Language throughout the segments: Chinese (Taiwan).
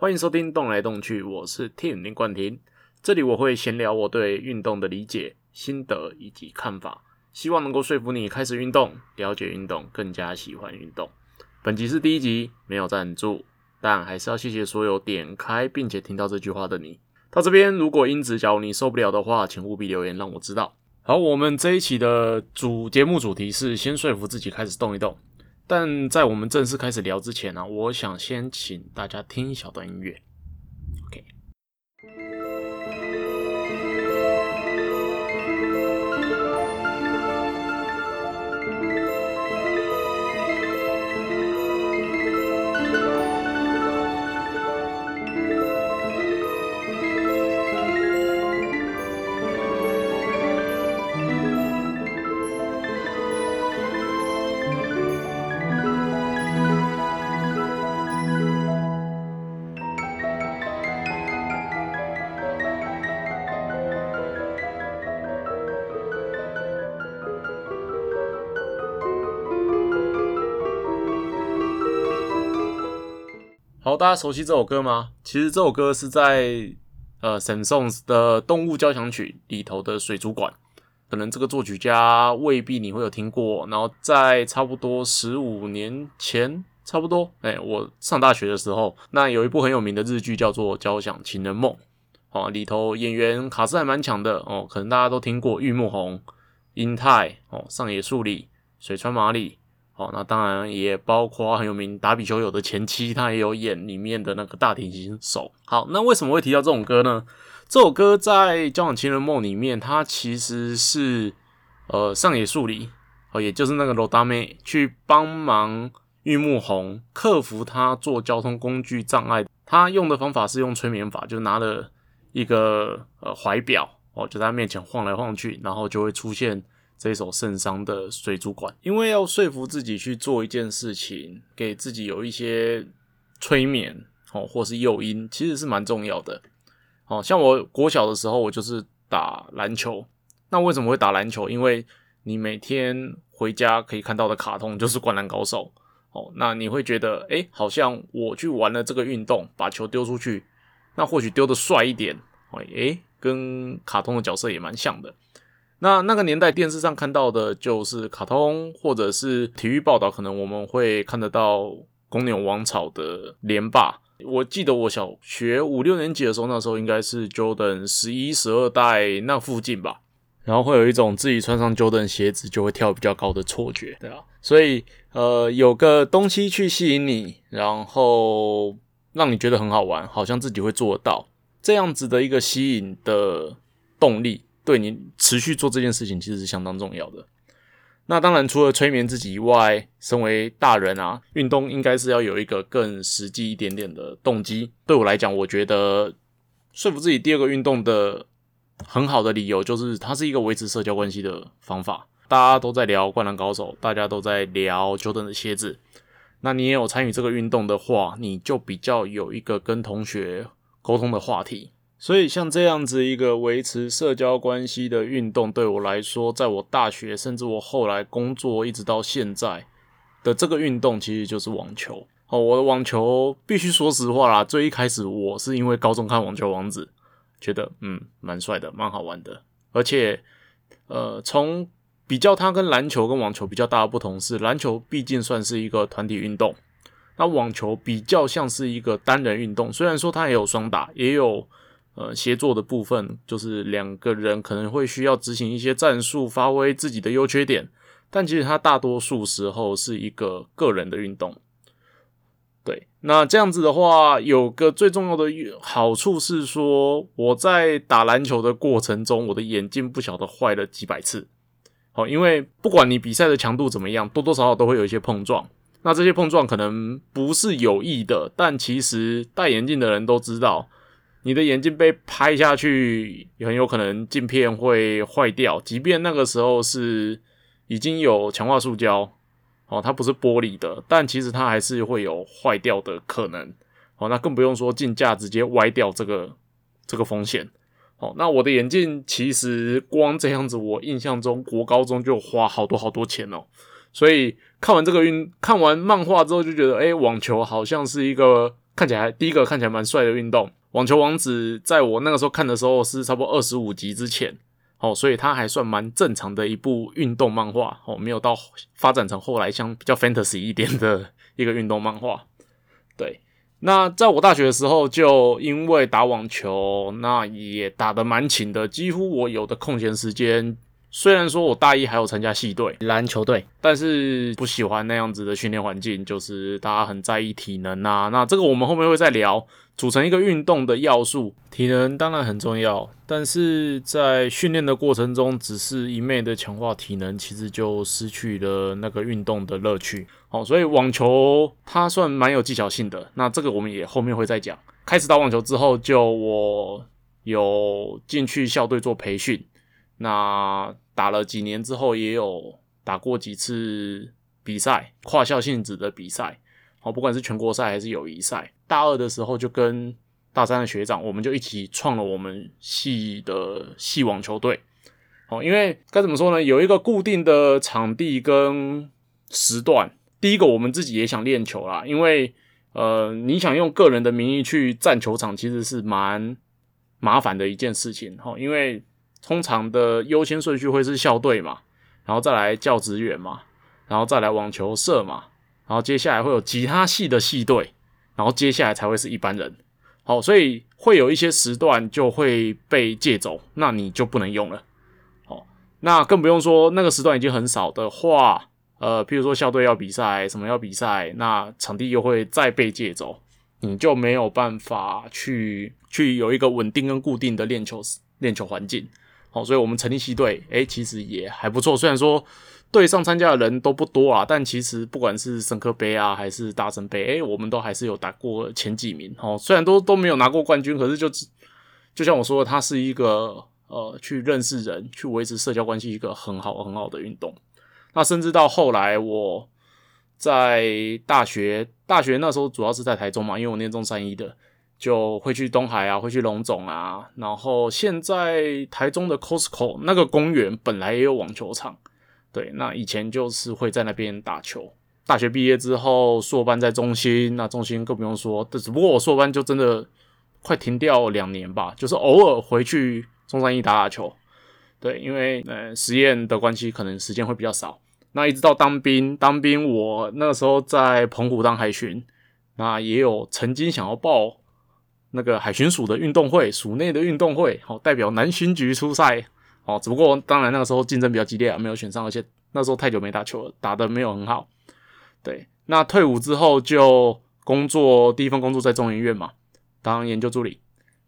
歡迎收聽動來動去，我是 Tim 林冠廷，這裡我會閒聊我對運動的理解、心得以及看法，希望能夠說服你開始運動，了解運動，更加喜歡運動。本集是第一集，沒有贊助，但還是要謝謝所有點開並且聽到這句話的你。到這邊，如果音質假如你受不了的話，請務必留言讓我知道。好，我們這一期的主，節目主題是先說服自己開始動一動。但在我們正式開始聊之前呢、啊，我想先請大家聽一小段音樂。大家熟悉這首歌嗎？其實這首歌是在呃，聖桑的《動物交響曲》裡頭的水族館。可能這個作曲家未必你會有聽過。然後在差不多十五年前，差不多，哎、欸，我上大學的時候，那有一部很有名的日劇叫做《交響情人夢》哦、啊，裡頭演員卡司還蠻強的哦。可能大家都聽過玉木宏、瑛太哦、上野樹里、水川麻里。哦，那當然也包括很有名達比修有的前妻，他也有演裡面的那個大提琴手。好，那為什麼會提到這種歌呢？這首歌在《交響情人夢》裡面，它其實是呃上野樹里哦，也就是那個羅大妹去幫忙玉木宏克服他做交通工具障礙。他用的方法是用催眠法，就拿了一個呃懷錶哦，就在他面前晃來晃去，然後就會出現。這一首《聖桑的水族館》，因為要說服自己去做一件事情，給自己有一些催眠哦，或是誘因，其實是蠻重要的。哦，像我國小的時候，我就是打籃球。那為什麼會打籃球？因為你每天回家可以看到的卡通就是《灌籃高手》哦。那你會覺得、欸，誒好像我去玩了這個運動，把球丟出去，那或許丟得帥一點誒、欸，跟卡通的角色也蠻像的。那那個年代電視上看到的，就是卡通或者是體育報道，可能我們會看得到公牛王朝的連霸。我記得我小學五六年級的時候，那時候應該是 Jordan 十一、十二代那附近吧，然後會有一種自己穿上 Jordan 鞋子就會跳比較高的錯覺，對啊。所以呃，有個東西去吸引你，然後讓你覺得很好玩，好像自己會做得到，這樣子的一個吸引的動力。對你持續做這件事情其實是相當重要的。那當然，除了催眠自己以外，身為大人啊，運動應該是要有一個更實際一點點的動機。對我來講，我覺得說服自己第二個運動的很好的理由就是，它是一個維持社交關係的方法。大家都在聊灌籃高手，大家都在聊 Jordan 的鞋子，那你也有參與這個運動的話，你就比較有一個跟同學溝通的話題。所以像這樣子一個維持社交關係的運動，對我來說，在我大學甚至我後來工作一直到現在的這個運動，其實就是網球。好，我的網球必須說實話啦，最一開始我是因為高中看《網球王子》，覺得嗯蠻帥的，蠻好玩的。而且呃，從比較它跟籃球跟網球比較大的不同是，籃球畢竟算是一個團體運動，那網球比較像是一個單人運動，雖然說它也有雙打，也有。呃，協作的部分就是兩個人可能會需要執行一些戰術，發揮自己的優缺點。但其實他大多數時候是一個個人的運動。對，那這樣子的話，有個最重要的好處是說，我在打籃球的過程中，我的眼鏡不曉得壞了幾百次。好，因為不管你比賽的強度怎麼樣，多多少少都會有一些碰撞。那這些碰撞可能不是有意的，但其實戴眼鏡的人都知道。你的眼鏡被拍下去，也很有可能鏡片會壞掉。即便那個時候是已經有強化塑膠，哦，它不是玻璃的，但其實它還是會有壞掉的可能。哦，那更不用說鏡架直接歪掉這個這個風險。哦，那我的眼鏡其實光這樣子，我印象中，國高中就花好多好多錢哦。所以看完這個運，看完漫畫之後就覺得，哎、欸，網球好像是一個看起來第一個看起來蠻帥的運動。網球王子在我那個時候看的時候是差不多二十五集之前，哦，所以它還算蠻正常的一部運動漫畫，哦，沒有到發展成後來像比較 fantasy 一點的一個運動漫畫。對，那在我大學的時候就因為打網球，那也打得蠻勤的，幾乎我有的空閒時間，雖然說我大一還有參加系隊籃球隊，但是不喜歡那樣子的訓練環境，就是大家很在意體能啊，那這個我們後面會再聊。組成一個運動的要素，體能當然很重要，但是在訓練的過程中，只是一昧的強化體能，其實就失去了那個運動的樂趣。好，所以網球它算蠻有技巧性的，那這個我們也後面會再講。開始打網球之後，就我有進去校隊做培訓，那打了幾年之後，也有打過幾次比賽，跨校性質的比賽。不管是全國賽還是友誼賽，大二的時候就跟大三的學長，我們就一起創了我們系的系網球隊。哦，因為該怎麼說呢？有一個固定的場地跟時段。第一個，我們自己也想練球啦，因為呃，你想用個人的名義去佔球場，其實是蠻麻煩的一件事情。哈、哦，因為通常的優先順序會是校隊嘛，然後再來教職員嘛，然後再來網球社嘛。然後接下來會有其他系的系隊，然後接下來才會是一般人。好，所以會有一些時段就會被借走，那你就不能用了。好，那更不用說那個時段已經很少的話，呃，譬如說校隊要比賽，什麼要比賽，那場地又會再被借走，你就沒有辦法去去有一個穩定跟固定的練球練球環境。好，所以我們成立系隊，誒，其實也還不錯，雖然說。隊上參加的人都不多啊，但其實不管是省科杯啊，還是大神杯，哎、欸，我們都還是有打過前幾名哦。雖然都都沒有拿過冠軍，可是就就像我說的，他是一個呃，去認識人、去維持社交關係一個很好很好的運動。那甚至到後來，我在大學大學那時候，主要是在台中嘛，因為我念中山醫的，就會去東海啊，會去龍總啊。然後現在台中的 Costco 那個公園本來也有網球場。對，那以前就是會在那邊打球。大學畢業之後，碩班在中心，那中心更不用說。只不過我碩班就真的快停掉兩年吧，就是偶爾回去中山醫打打球。對，因為呃實驗的關係，可能時間會比較少。那一直到當兵，當兵我那個時候在澎湖當海巡，那也有曾經想要報那個海巡署的運動會，署內的運動會，好代表南巡局出賽。哦，只不過當然那個時候競爭比較激烈啊，沒有選上，而且那時候太久沒打球了，打得沒有很好。對，那退伍之後就工作，第一份工作在中研院嘛，當研究助理。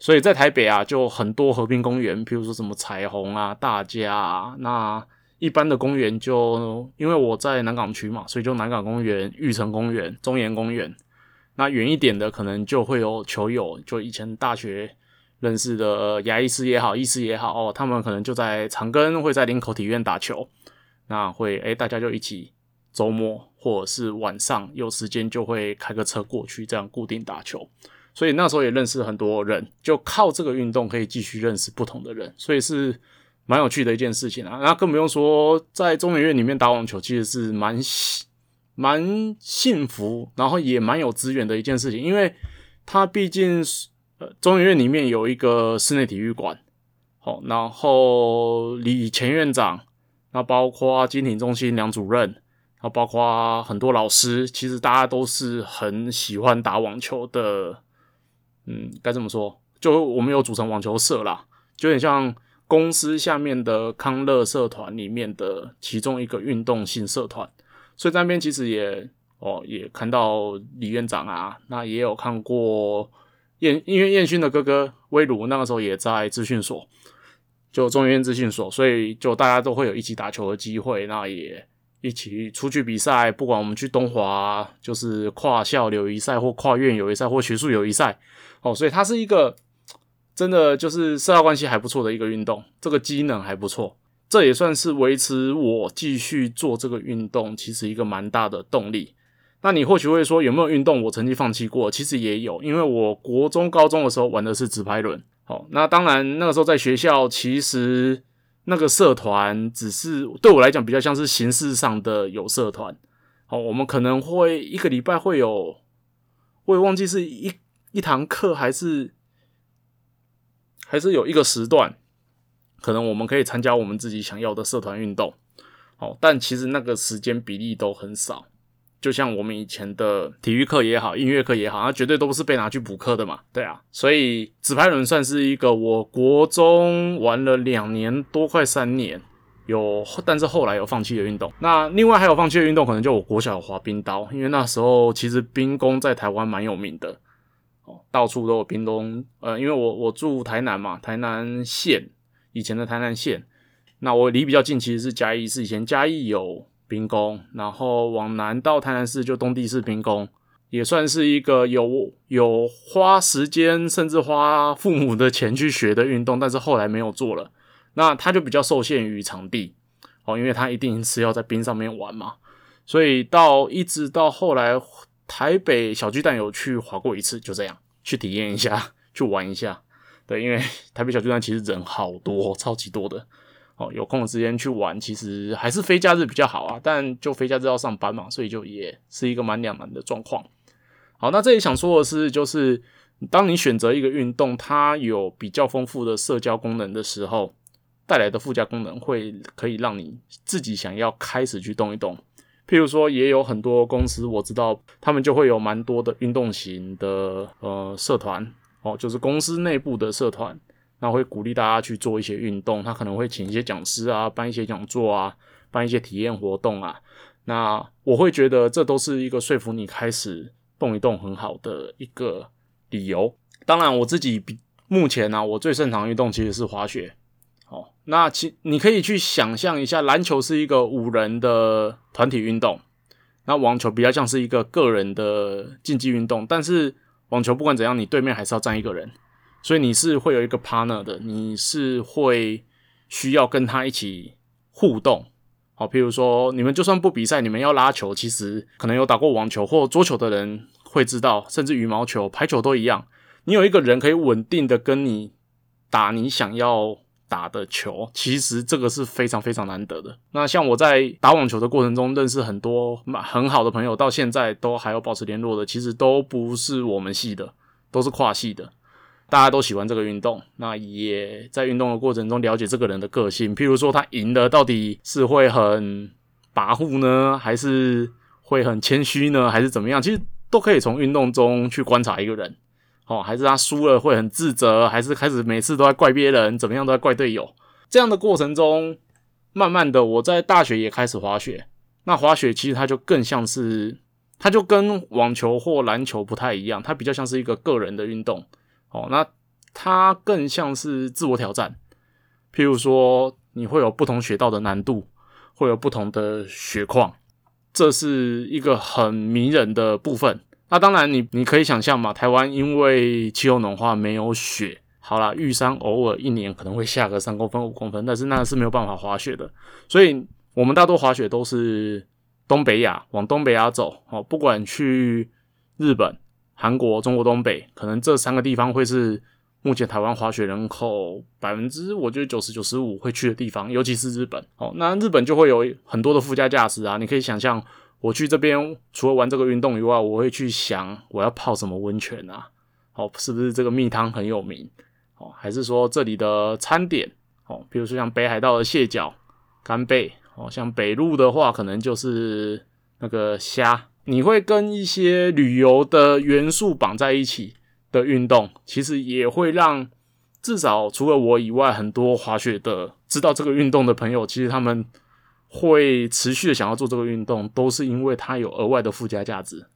所以在台北啊，就很多河濱公園，譬如說什麼彩虹啊、大佳啊。那一般的公園就因為我在南港區嘛，所以就南港公園、玉成公園、中研公園。那遠一點的可能就會有球友，就以前大學。認識的牙醫師也好，醫師也好，哦，他們可能就在長庚，會在林口體院打球，那會，誒，大家就一起周末或者是晚上有時間，就會開個車過去，這樣固定打球。所以那時候也認識很多人，就靠這個運動可以繼續認識不同的人，所以是蠻有趣的一件事情啊。那更不用說在中美院裡面打網球，其實是蠻蠻幸福，然後也蠻有資源的一件事情，因為它畢竟是。呃，中研院裡面有一個室內體育館，好、哦，然後李前院長，那包括金庭中心梁主任，然後包括很多老師，其實大家都是很喜歡打網球的，嗯，該怎麼說？就我們有組成網球社啦，就有點像公司下面的康樂社團裡面的其中一個運動性社團，所以在那邊其實也哦也看到李院長啊，那也有看過。燕因為燕洵的哥哥威魯那個時候也在資訊所，就中研院資訊所，所以就大家都會有一起打球的機會，那也一起出去比賽，不管我們去東華就是跨校友誼賽或跨院友誼賽或學術友誼賽，哦，所以它是一個真的就是社交關係還不錯的一個運動，這個機能還不錯，這也算是維持我繼續做這個運動其實一個蠻大的動力。那你或許會說，有沒有運動？我曾經放棄過，其實也有，因為我國中、高中的時候玩的是直排輪。哦，那當然那個時候在學校，其實那個社團只是對我來講比較像是形式上的有社團。哦，我們可能會一個禮拜會有，我也忘記是一一堂課還是還是有一個時段，可能我們可以參加我們自己想要的社團運動。哦，但其實那個時間比例都很少。就像我們以前的體育課也好，音樂課也好，那絕對都不是被拿去補課的嘛，對啊。所以直排輪算是一個我國中玩了兩年多，快三年有，但是後來有放棄的運動。那另外還有放棄的運動，可能就我國小滑冰刀，因為那時候其實冰宮在台灣蠻有名的哦，到處都有冰宮，呃，因為我我住台南嘛，台南縣以前的台南縣，那我離比較近其實是嘉義市，以前嘉義有冰宮，然後往南到台南市就東帝士冰宮，也算是一個有有花時間甚至花父母的錢去學的運動，但是後來沒有做了。那他就比較受限於場地哦，因為他一定是要在冰上面玩嘛，所以到一直到後來台北小巨蛋有去滑過一次，就這樣去體驗一下，去玩一下。對，因為台北小巨蛋其實人好多，超級多的。哦，有空的時間去玩，其實還是非假日比較好啊。但就非假日要上班嘛，所以就也是一個蠻兩難的狀況。好，那這裡想說的是，就是當你選擇一個運動，它有比較豐富的社交功能的時候，帶來的附加功能會可以讓你自己想要開始去動一動。譬如說，也有很多公司我知道，他們就會有蠻多的運動型的呃社團，哦，就是公司內部的社團。那會鼓勵大家去做一些運動，他可能會請一些講師啊，辦一些講座啊，辦一些體驗活動啊。那我會覺得這都是一個說服你開始動一動很好的一個理由。當然，我自己比目前呢、啊，我最擅長的運動其實是滑雪。好，那其你可以去想象一下，籃球是一個五人的團體運動，那網球比較像是一個個人的競技運動。但是網球不管怎樣，你對面還是要站一個人。所以你是會有一個 partner 的，你是會需要跟他一起互動，好，譬如說，你們就算不比賽，你們要拉球，其實可能有打過網球或桌球的人會知道，甚至羽毛球、排球都一樣。你有一個人可以穩定的跟你打你想要打的球，其實這個是非常非常難得的。那像我在打網球的過程中認識很多蠻很好的朋友，到現在都還有保持聯絡的，其實都不是我們系的，都是跨系的。大家都喜歡這個運動，那也在運動的過程中了解這個人的個性。譬如說，他贏了，到底是會很跋扈呢，還是會很謙虛呢，還是怎麼樣？其實都可以從運動中去觀察一個人。哦，還是他輸了會很自責，還是開始每次都在怪別人，怎麼樣都在怪隊友。這樣的過程中，慢慢的，我在大學也開始滑雪。那滑雪其實它就更像是，它就跟網球或籃球不太一樣，它比較像是一個個人的運動。哦，那它更像是自我挑戰。譬如說，你會有不同雪道的難度，會有不同的雪況，這是一個很迷人的部分。那當然你，你你可以想象嘛，台灣因為氣候暖化沒有雪。好啦，玉山偶爾一年可能會下個三公分、五公分，但是那是沒有辦法滑雪的。所以我們大多滑雪都是東北亞，往東北亞走。哦，不管去日本、韓國、中國東北，可能這三個地方會是目前台灣滑雪人口百分之，我覺得九十九十五會去的地方。尤其是日本，哦，那日本就會有很多的附加價值啊！你可以想象，我去這邊除了玩這個運動以外，我會去想我要泡什麼溫泉啊？哦，是不是這個蜜湯很有名？哦，還是說這裡的餐點？哦，比如說像北海道的蟹腳、干貝，哦，像北陸的話，可能就是那個蝦。你會跟一些旅遊的元素綁在一起的運動，其實也會讓至少除了我以外，很多滑雪的知道這個運動的朋友，其實他們會持續的想要做這個運動，都是因為它有額外的附加價值。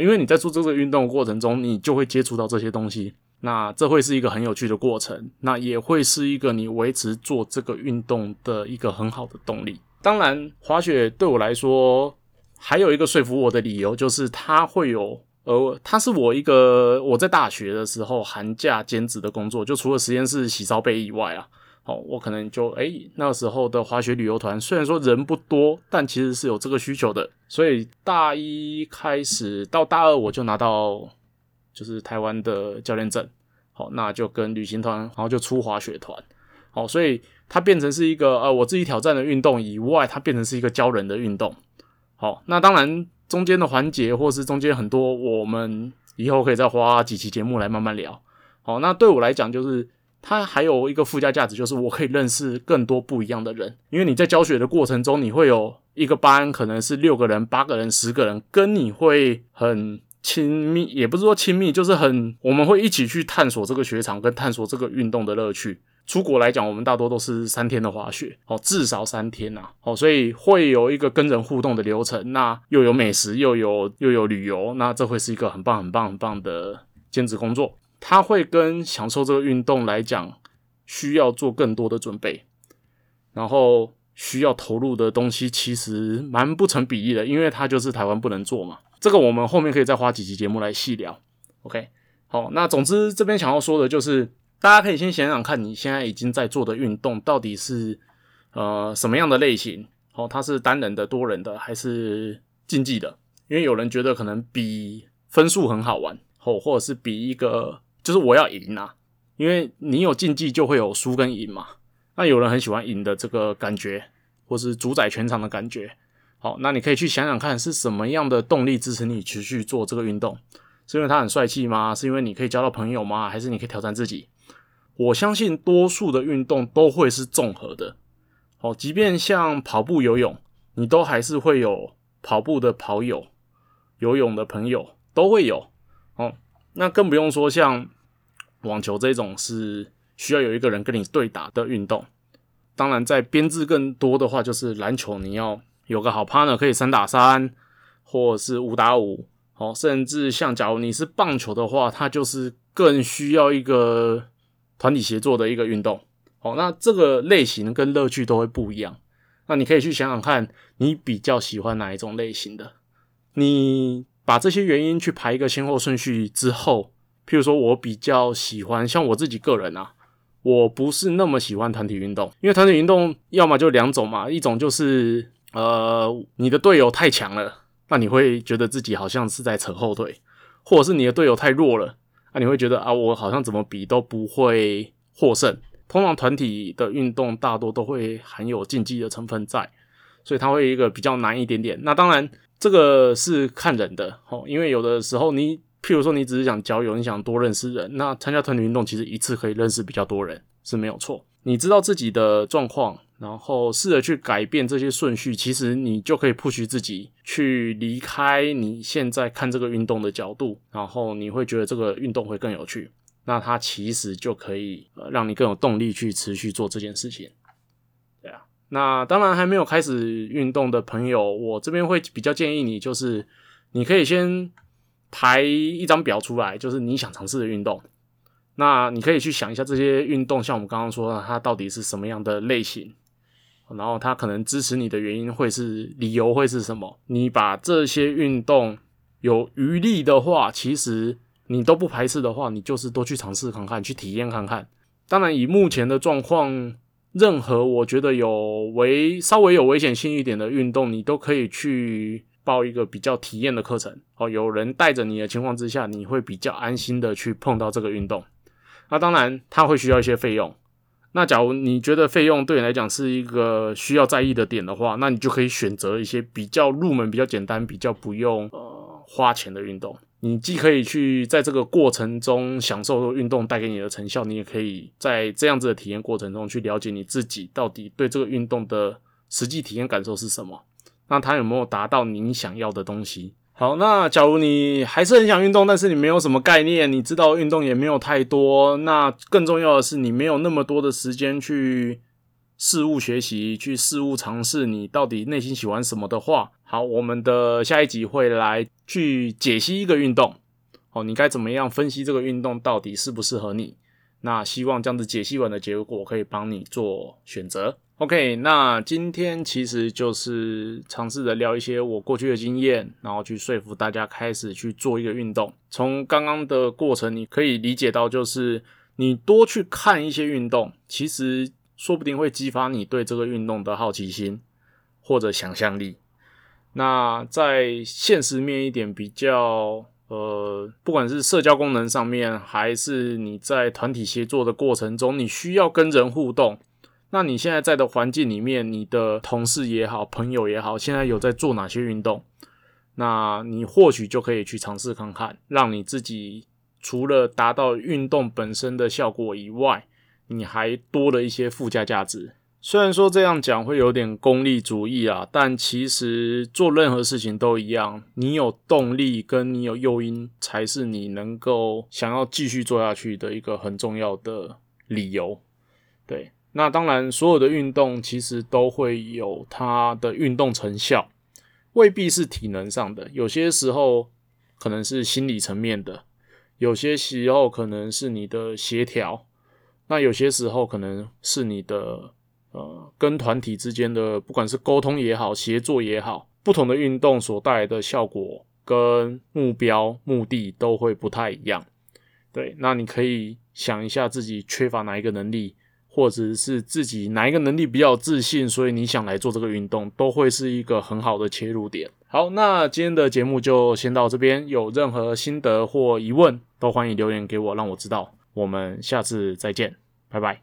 因為你在做這個運動的過程中，你就會接觸到這些東西，那這會是一個很有趣的過程，那也會是一個你維持做這個運動的一個很好的動力。當然，滑雪對我來說。還有一個說服我的理由就是，他會有呃，他是我一個我在大學的時候寒假兼職的工作，就除了實驗室洗燒杯以外啊，哦，我可能就哎、欸、那個時候的滑雪旅遊團，雖然說人不多，但其實是有這個需求的，所以大一開始到大二我就拿到就是台灣的教練證，好、哦，那就跟旅行團，然後就出滑雪團，好、哦，所以他變成是一個呃我自己挑戰的運動以外，他變成是一個教人的運動。好，那當然中間的環節，或是中間很多，我們以後可以再花幾期節目來慢慢聊。好，那對我來講，就是它還有一個附加價值，就是我可以認識更多不一樣的人。因為你在教學的過程中，你會有一個班，可能是六個人、八個人、十個人，跟你會很親密，也不是說親密，就是很，我們會一起去探索這個雪場，跟探索這個運動的樂趣。出國來講，我們大多都是三天的滑雪，哦，至少三天吶，哦，所以會有一個跟人互動的流程，那又有美食，又有又有旅遊，那這會是一個很棒、很棒、很棒的兼職工作。它會跟享受這個運動來講，需要做更多的準備，然後需要投入的東西其實蠻不成比例的，因為它就是台灣不能做嘛。這個我們後面可以再花幾集節目來細聊。OK，好，那總之這邊想要說的就是。大家可以先想想看，你現在已經在做的運動到底是呃什麼樣的類型？哦，它是單人的、多人的，還是競技的？因為有人覺得可能比分數很好玩，吼、哦，或者是比一個就是我要贏啊，因為你有競技就會有輸跟贏嘛。那有人很喜歡贏的這個感覺，或是主宰全場的感覺。好，那你可以去想想看，是什麼樣的動力支持你持續做這個運動？是因為它很帥氣嗎？是因為你可以交到朋友嗎？還是你可以挑戰自己？我相信多數的運動都會是綜合的，即便像跑步、游泳，你都還是會有跑步的跑友、游泳的朋友都會有，哦，那更不用說像網球這種是需要有一個人跟你對打的運動。當然，在編制更多的話，就是籃球，你要有個好 partner 可以三打三，或者是五打五，甚至像假如你是棒球的話，它就是更需要一個。團體協作的一個運動，好、哦，那這個類型跟樂趣都會不一樣。那你可以去想想看，你比較喜歡哪一種類型的？你把這些原因去排一個先後順序之後，譬如說，我比較喜歡，像我自己個人啊，我不是那麼喜歡團體運動，因為團體運動要麼就兩種嘛，一種就是呃，你的隊友太強了，那你會覺得自己好像是在扯後腿，或者是你的隊友太弱了。啊、你會覺得啊，我好像怎麼比都不會獲勝。通常團體的運動大多都會含有競技的成分在，所以它會一個比較難一點點。那當然，這個是看人的哦，因為有的時候你，譬如說你只是想交友，你想多認識人，那參加團體運動其實一次可以認識比較多人是沒有錯。你知道自己的狀況。然後試着去改變這些順序，其實你就可以 push 自己去離開你現在看這個運動的角度，然後你會覺得這個運動會更有趣。那它其實就可以呃讓你更有動力去持續做這件事情。對啊，那當然還沒有開始運動的朋友，我這邊會比較建議你，就是你可以先排一張表出來，就是你想嘗試的運動。那你可以去想一下這些運動，像我們剛剛說的，它到底是什麼樣的類型。然後他可能支持你的原因會是，理由會是什麼？你把這些運動有餘力的話，其實你都不排斥的話，你就是多去嘗試看看，去體驗看看。當然，以目前的狀況，任何我覺得有危，稍微有危險性一點的運動，你都可以去報一個比較體驗的課程。哦，有人帶着你的情況之下，你會比較安心的去碰到這個運動。那當然，他會需要一些費用。那假如你覺得費用對你來講是一個需要在意的點的話，那你就可以選擇一些比較入門、比較簡單、比較不用呃花錢的運動。你既可以去在這個過程中享受運動帶給你的成效，你也可以在這樣子的體驗過程中去了解你自己到底對這個運動的實際體驗感受是什麼，那它有沒有達到你想要的東西？好，那假如你還是很想運動，但是你沒有什麼概念，你知道運動也沒有太多，那更重要的是你沒有那麼多的時間去試誤學習，去試誤嘗試你到底內心喜歡什麼的話。好，我們的下一集會來去解析一個運動，好，你該怎麼樣分析這個運動到底適不適合你？那希望這樣子解析完的結果可以幫你做選擇。OK，那今天其實就是嘗試着聊一些我過去的經驗，然後去說服大家開始去做一個運動。從剛剛的過程，你可以理解到，就是你多去看一些運動，其實說不定會激發你對這個運動的好奇心或者想象力。那在現實面一點比較，呃，不管是社交功能上面，還是你在團體協作的過程中，你需要跟人互動。那你現在在的環境裡面，你的同事也好，朋友也好，現在有在做哪些運動？那你或許就可以去嘗試看看，讓你自己除了達到運動本身的效果以外，你還多了一些附加價值。雖然說這樣講會有點功利主義啊，但其實做任何事情都一樣，你有動力跟你有誘因，才是你能夠想要繼續做下去的一個很重要的理由。對。那當然，所有的運動其實都會有它的運動成效，未必是體能上的，有些時候可能是心理層面的，有些時候可能是你的協調，那有些時候可能是你的呃跟團體之間的，不管是溝通也好，協作也好，不同的運動所帶來的效果跟目標目的都會不太一樣。對，那你可以想一下自己缺乏哪一個能力。或者是自己哪一個能力比較自信，所以你想來做這個運動，都會是一個很好的切入點。好，那今天的節目就先到這邊。有任何心得或疑問，都歡迎留言給我，讓我知道。我們下次再見，拜拜。